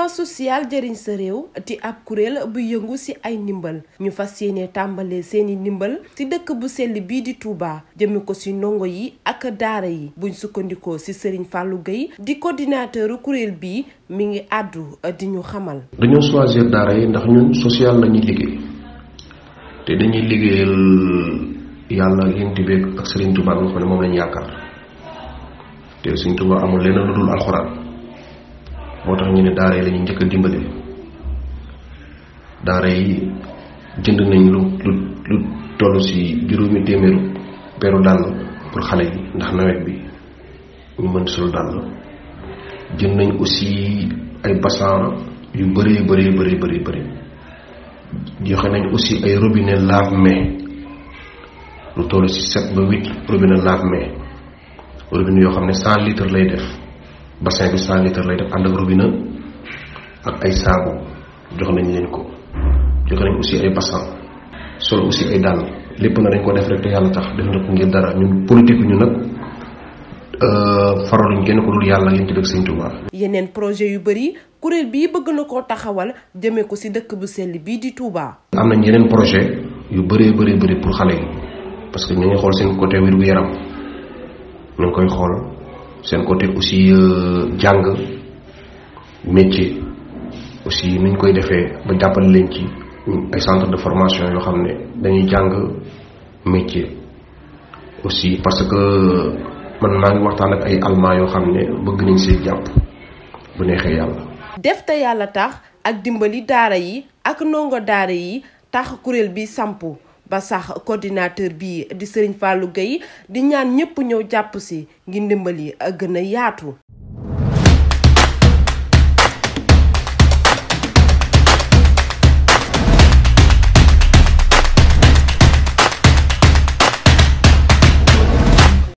mouvement social jëriñ sa réew di ab kuréel bu yëngu ci ay ndimbal ñu fas yéene tàmbale seeni ndimbal ci dëkk bu sell bii di Touba jëme ko ci ndongo yi ak daara yi buñ sukkandikoo ci Serigne Fallou Gueye di coordinateur kuréel bi mi ngi àddu ñu xamal. dañoo yi ndax ñun social la liggéey te dañuy liggéeyal yàlla yéen di beeg ak Serigne Touba nga moom lañu yaakaar te Serigne Touba amul leneen lu alxuraan. moo tax ñu ne daara yi la ñuy njëkk dimbale daara yi jënd nañ lu lu lu toll si juróomi téeméeru peru dàll pour xale yi ndax nawet bi ñu mën sol dàll jënd nañ aussi ay bassin yu bëree bëree bëri bëri bëri joxe nañ aussi ay robine lave-mains lu toll si set ba huit robinet lave-mains robinet yoo xam ne cent litres lay def bassin bi cent litres lay def ànd ak robinet ak ay saabu jox nañ leen ko jox nañ aussi ay bassin lépp na dañ ko def rek te yàlla tax def na ko ngir dara ñun politique ñu nag euh, faraluñ kenn ko dul yàlla yéen ci dëkk Sëñ Tuubaa yeneen projet yu bari kuréel bii bëgg na koo taxawal jëmee ko si dëkk bu sell bii di Touba. am nañ yeneen projet yu bëree bëri bëri pour xale yi parce que ñu ngi xool seen côté wér gu yaram ñu ngi koy xool. seen côté aussi euh, jàng métier aussi nuñ koy defee ba jàppale leen ci ay centre de formation yoo xam ne dañuy jàng métier aussi parce que euh, man maa ngi waxtaan ak ay allemand yoo xam ne bëgg nañ see jàpp bu neexee yàlla. def te yàlla tax ak dimbali daara yi ak ndongo daara yi tax kuréel bi sampu. ba sax coordinateur bi di Serigne Fallou Gueye di ñaan ñëpp ñëw jàpp si ngir ndimbal yi gën a yaatu.